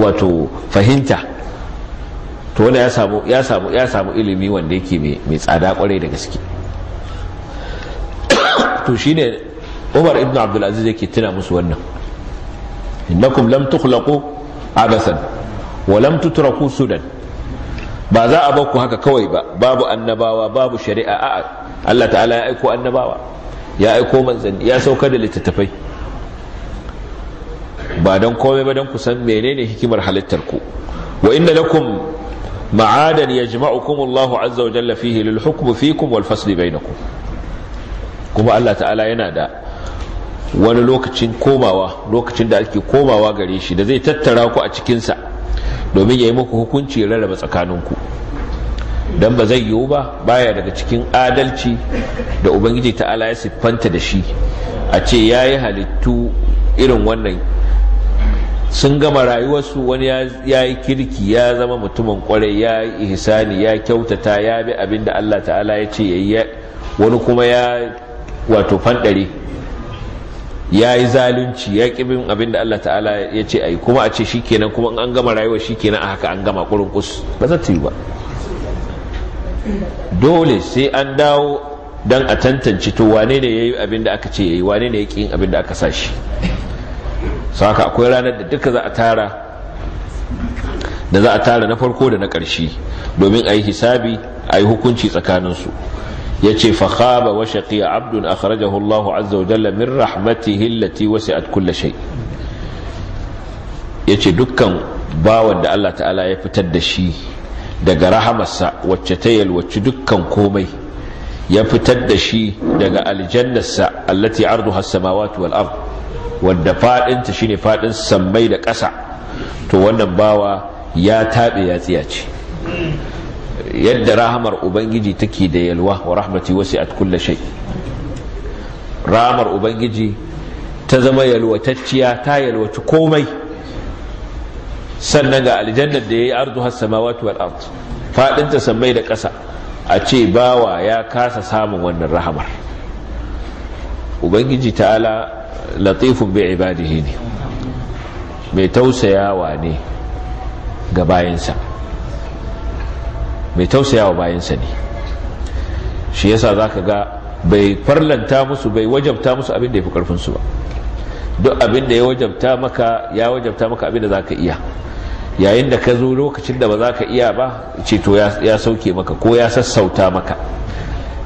wato fahimta to wanda ya samu ilimi wanda yake mai tsada kwarai da gaske to shine Umar ibn Abdul Aziz yake tuna musu wannan innakum lam tukhlaqu abasan wa lam tutraku sudan ba za a ku haka kawai ba babu annabawa babu shari'a a'a Allah ta'ala ya aiko annabawa ya aiko manzanni ya sauka da littattafai ba don komai ba don ku san menene hikimar halittar ku wa inna lakum ma'adan yajma'ukum Allahu azza wa jalla fihi lil hukm fikum wal fasli bainakum kuma Allah ta'ala yana da wani lokacin komawa lokacin da ake komawa gare shi da zai tattara ku a cikinsa domin ya yi muku hukunci ya rarraba tsakaninku don ba zai yiwu ba baya daga cikin adalci da ubangiji ta'ala ya siffanta da shi a ce ya yi halittu irin wannan sun gama rayuwarsu wani ya yi kirki ya zama mutumin kwarai ya yi ihsani ya kyautata ya bi abin da allah ta'ala ya ce ya yi wani kuma ya wato fanɗari ya yi zalunci ya ƙi bin abin da Allah ta'ala ya ce a yi kuma a ce shi kenan kuma an gama rayuwa shi kenan a haka an gama ƙurin kus ba za ta yi ba dole sai an dawo don a tantance to wane ne ya yi abin da aka ce ya yi wane ne ya ƙi abin da aka sa shi saka akwai ranar da duka za a tara da za a tara na farko da na ƙarshe domin a yi hisabi a yi hukunci tsakaninsu yace fa khaba wa shaqiya abdun akhrajahu Allah azza wa jalla min rahmatihi allati wasi'at kulli shay yace dukkan bawan da Allah ta'ala ya fitar da shi daga rahamarsa wacce ta yalwaci dukkan komai ya fitar da shi daga aljannarsa allati arduha as-samawati wal ard wanda fadinta shine fadin sammai da ƙasa to wannan bawa ya tabe ya tsiya yadda rahamar ubangiji take da yalwa wa rahmati wasi'at kulli shay rahamar ubangiji ta zama yalwatacciya ta yalwaci komai sannan ga aljannar da ya yi has samawati wal ard fadin ta sammai da ƙasa a ce bawa ya kasa samun wannan rahamar ubangiji ta'ala latifun bai ibadihi ne mai tausayawa ne ga bayansa mai tausaya tausayawa bayansa ne shi yasa za ka ga bai farlanta musu bai wajabta musu abin da ya fi karfinsu ba duk abin da ya wajabta maka ya wajabta maka abin da za ka iya yayin da ka zo lokacin da ba za ka iya ba ceto ya sauke maka ko ya sassauta maka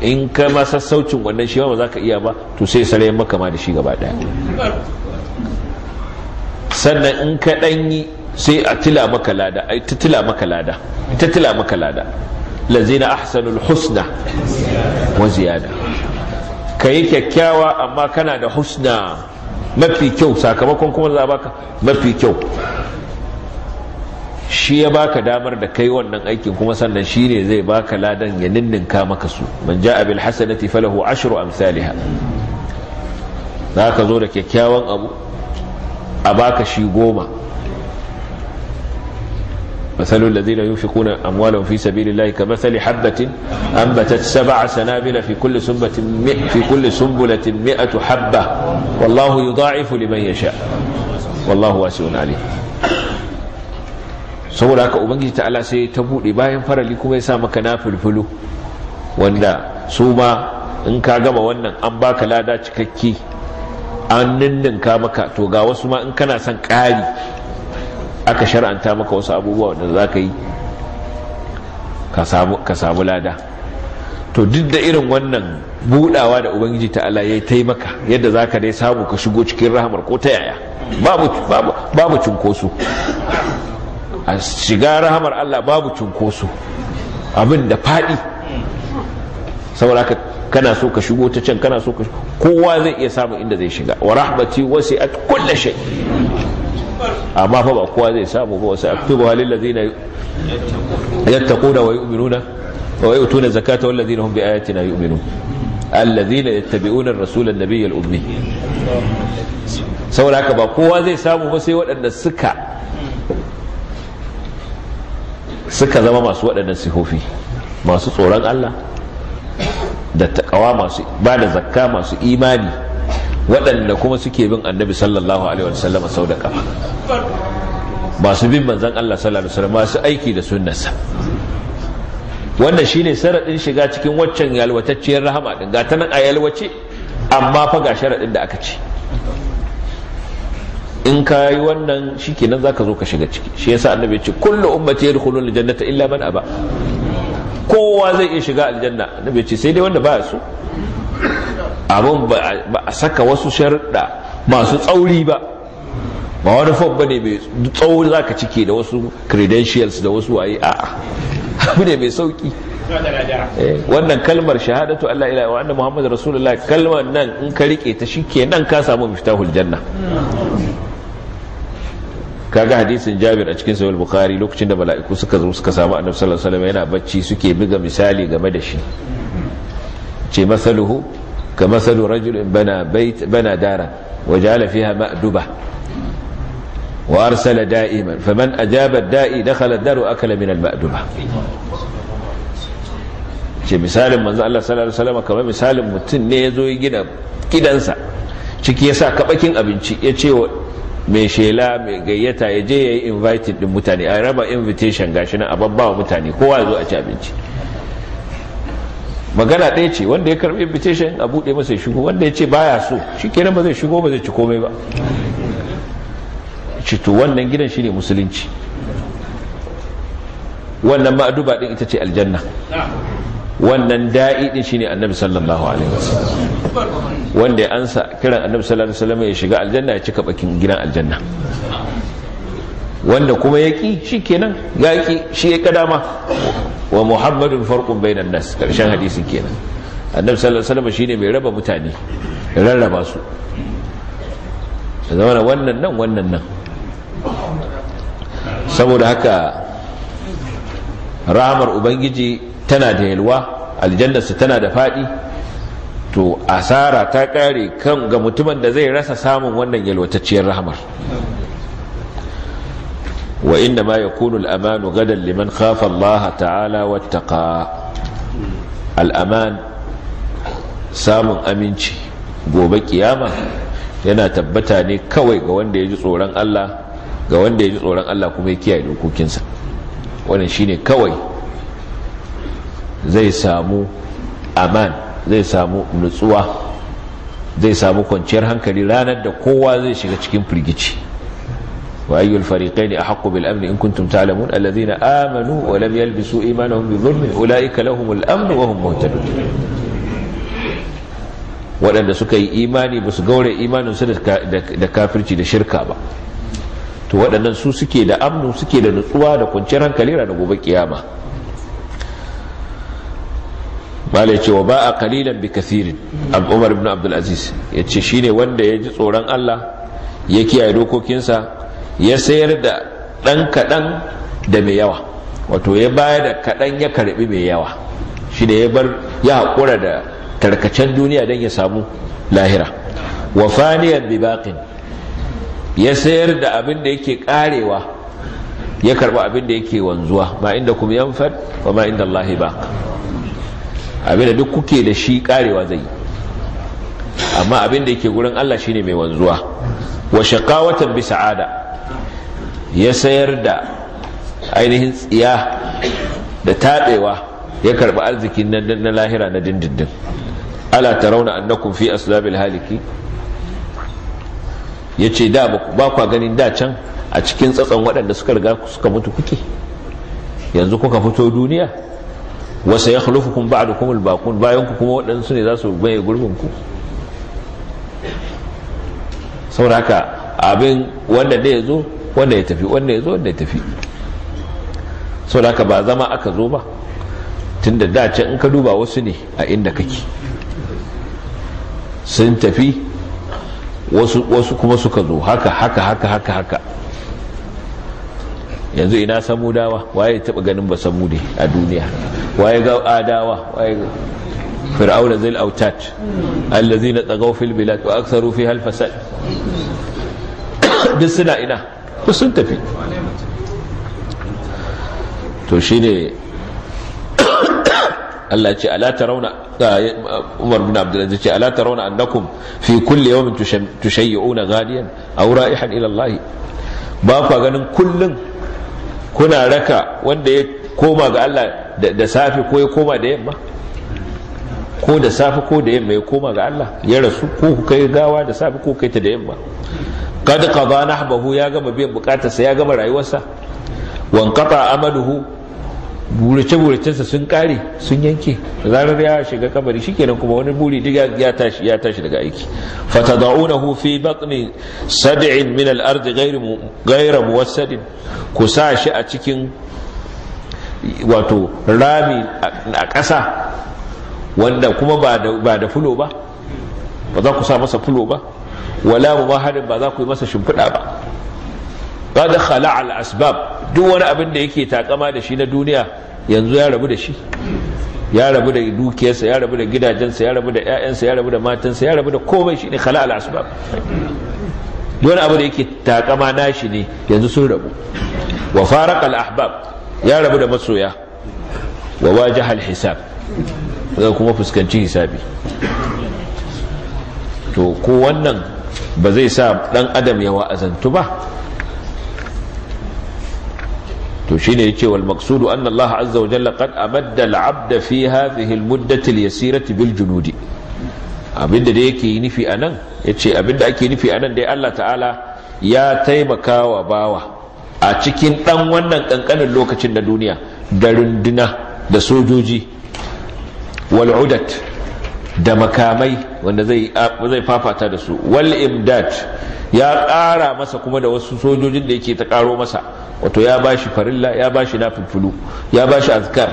in ka ma sassaucin wannan shi ba za ka iya ba to sai sarai maka ma da shi gaba daya sannan in ka ɗanyi sai a tila maka lada ai tila maka lada ta tila maka lada lazina ahsanul husna wa ziyada kyakkyawa amma kana da husna mafi kyau sakamakon kuma za baka mafi kyau shi ya baka damar da kai wannan aikin kuma sannan shi ne zai baka ladan ya ninninka maka su man ja'a bil hasanati falahu ashru amsalha za ka zo da kyakkyawan abu a baka shi goma مثل الذين ينفقون أموالهم في سبيل الله كمثل حبة أنبتت سبع سنابل في كل سنبة في كل سنبلة مئة حبة والله يضاعف لمن يشاء والله واسع عليم saboda haka ubangiji ta ala sai ta bude bayan farali kuma ya sa maka na fulfulu wanda su ma in ka gama wannan an baka lada cikakki an ninninka maka to ga wasu ma in kana son ƙari aka shar'anta maka wasu abubuwa da za ka yi ka samu lada to duk da irin wannan budawa da ubangiji ta ala ya yi taimaka yadda za ka dai samu ka shigo cikin rahamar ko ta yaya babu cunkoso a shiga rahamar allah babu cunkoso abin da faɗi saboda kana so ka shigo ta can kana so ka kowa zai iya samun inda zai shiga wa rahmati a kulle shay amma fa ba kowa zai samu ba wasu aktubu halil ladina yattaquna wa yu'minuna wa yu'tuna zakata wal ladina hum bi ayatina yu'minun alladhina yattabi'una ar-rasula an-nabiyya al-ummi saboda haka ba kowa zai samu ba sai waɗanda suka suka zama masu waɗannan sihofi masu tsoron Allah da taƙawa masu ba da zakka masu imani waɗanda kuma suke bin annabi sallallahu alaihi wasallam sau da kafa masu bin manzon Allah sallallahu alaihi wasallam masu aiki da sunnarsa wannan shine saradin shiga cikin waccan yalwatacciyar rahama din ga ta nan a yalwace amma fa ga sharaɗin da aka ce in ka yi wannan shikenan zaka zo ka shiga ciki shi yasa annabi ya ce kullu ummati yadkhulul jannata illa man aba kowa zai iya shiga aljanna annabi ya ce sai dai wanda baya su abin ba a saka wasu sharuɗa masu tsauri ba ba wani fob ba ne mai tsauri za ka cike da wasu credentials da wasu waye a abu ne mai sauki eh, wannan kalmar shahadatu Allah ila wa anna Muhammad Rasulullah kalmar nan in ka rike ta nan ka samu miftahul janna kaga hadisin Jabir a cikin sahih Bukhari lokacin da mala'iku suka zo suka samu Annabi sallallahu alaihi wasallam yana bacci suke buga misali game da shi ce masaluhu ka masalu rajulin bana bait bana dara wajala fiha ma'duba wa arsala da'iman faman ajaba da'i dakhala daru akala min al-ma'duba ce misalin manzo Allah sallallahu alaihi wasallam kamar misalin mutum ne ya zo gina gidansa ciki ya sa kabakin abinci ya ce wa mai shela mai gayyata ya je ya yi invited din mutane a raba invitation gashi nan a babba wa mutane kowa zo a ci abinci magana ɗaya ce wanda ya karɓi invitation a buɗe masa ya shigo wanda ya ce baya so shi kenan ba zai shigo ba zai ci komai ba ci to wannan gidan shine musulunci wannan ma'aduba din ita ce aljanna wannan da'i din shine annabi sallallahu alaihi wasallam wanda ya ansa kiran annabi sallallahu alaihi wasallam ya shiga aljanna ya cika bakin gidan aljanna wanda kuma ya ƙi shi kenan yaƙi ƙi shi ya ƙadama wa muhammadun farkon bainan nas karshen hadisi kenan annabi sallallahu alaihi shi ne mai raba mutane rarraba su zama wannan nan wannan nan saboda haka rahamar ubangiji tana da yalwa aljannarsa tana da faɗi to asara ta ƙare kan ga mutumin da zai rasa samun wannan yalwatacciyar rahamar wa inda ma ya kunu amanu gadan liman khafa Allah ta'ala wattaqa samun aminci gobe kiyama yana tabbata ne kawai ga wanda ya ji tsoron Allah ga wanda ya ji tsoron Allah kuma ya kiyaye dokokinsa wannan shine kawai zai samu aman zai samu nutsuwa zai samu kwanciyar hankali ranar da kowa zai shiga cikin firgici وأي الفريقين أحق بالأمن إن كنتم تعلمون الذين آمنوا ولم يلبسوا إيمانهم بظلم أولئك لهم الأمن وهم مهتدون waɗanda suka yi imani ba su gaure imaninsu da kafirci da shirka ba to waɗannan su suke da amnu suke da nutsuwa da kwanciyar hankali da gobe kiyama malai ba a kalilan bi kathirin umar ibn abdulaziz ya ce shine wanda ya ji tsoron allah ya kiyaye dokokinsa ya sayar da ɗan kaɗan da mai yawa wato ya baya da kaɗan ya karɓi mai yawa shi da ya bar ya haƙura da tarkacen duniya don ya samu lahira wa faniyar bi ya sayar da abin da yake ƙarewa ya karɓi abin da yake wanzuwa ma inda kuma fad wa ma inda Allah baka abin da duk kuke da shi ƙarewa zai yi amma abin da yake gurin Allah shine mai wanzuwa wa shaqawatan bi sa'ada ya sayar da ainihin tsiya da taɓewa ya karɓi arzikin na lahira na dindindin ala ta tarauna annakum fi aslabil haliki ya ce da ba kwa ganin da can a cikin tsatson waɗanda suka riga suka mutu kuke yanzu kuka fito duniya wasu ya a da kuma baqun bayan ku kuma waɗansu ne za su baye gurbin ku saboda haka abin wanda da ya zo wanda ya tafi wanda ya zo wanda ya tafi sau da ba zama aka zo ba tun da dace in ka duba wasu ne a inda kake sun tafi wasu, kuma suka zo haka haka haka haka haka yanzu ina samu dawa waye taba ganin ba samu ne a duniya waye ga adawa waye ga da zai autat allazina tagaw fil bilad wa aktharu fiha al fasad duk suna ina duk sun tafi to shi ne Allah ce ala tarawna Umar bin abdullahi Aziz ce ala tarawna annakum fi kulli yawmin tushayyi'una ghaliyan aw ra'ihan ila Allah ba ku ganin kullun kuna raka wanda ya koma ga Allah da safi ko ya koma da yamma ko da safi ko da yamma ya koma ga Allah ya rasu ko kai gawa da safi ko kai ta da yamma qad qada nahbahu ya gama biyan bukatarsa ya gama rayuwarsa Wankafa Amadu amaluhu burace buracensa sun kare sun yanke ranar ya shiga kabari shikenan kuma wani buri diga ya tashi ya tashi daga aiki fatad'unahu fi batni sad'in min al-ardi ghayr ghayr muwassadin ku sa shi a cikin wato rami a ƙasa wanda kuma ba da fulo ba ba za ku sa masa fulo ba wala mubaharin ba za ku yi masa shimfiɗa ba ba da khala al asbab duk wani abin da yake takama da shi na duniya yanzu ya rabu da shi ya rabu da dukiyarsa ya rabu da gidajensa ya rabu da 'ya'yansa ya rabu da matansa ya rabu da komai shi ne khala al asbab wani abu da yake takama nashi ne yanzu sun rabu wa faraq al ahbab ya rabu da masoya wa wajaha al hisab Zan kuma fuskanci hisabi to ko wannan ba zai sa dan adam ya wa'azantu ba to shine yace wal maqsudu anna Allah azza wa jalla qad amadda al 'abda fi hadhihi al muddati al yasirati bil junudi abinda da yake nufi anan yace abinda ake nufi anan dai Allah ta'ala ya taimaka wa bawa a cikin dan wannan kankanin lokacin na duniya da runduna da sojoji wal udat da makamai wanda zai fafata da su wal imdad ya ƙara masa kuma da wasu sojojin da yake ta ƙaro masa wato ya bashi farilla ya bashi nafilfilu ya bashi azkar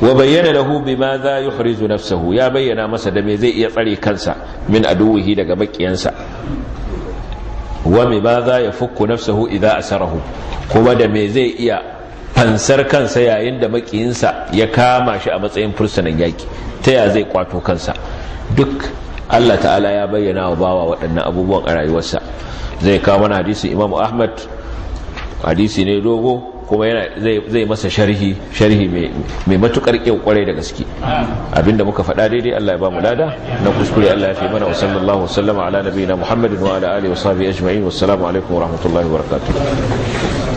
wa bayyana da hu bima za yuhrizu nafsahu ya bayyana masa da mai zai iya tsare kansa min aduwihi daga makiyansa wa ba za yafukku nafsahu a asarahu kuma da me zai iya fansar kansa yayin da makiyinsa ya kama shi a matsayin fursunan yaki ta ya zai kwato kansa duk Allah ta'ala ya bayyana wa bawa waɗannan abubuwan a rayuwarsa zai kawo mana hadisi imam ahmad hadisi ne dogo kuma yana zai masa sharhi sharhi mai matukar kyau kwarai da gaske abinda muka faɗa daidai Allah ya ba mu lada na kuskure Allah ya fi mana wa sallallahu wasallama ala nabiyina muhammadin wa ala alihi wa sahbihi ajma'in wassalamu alaikum wa rahmatullahi wa barakatuh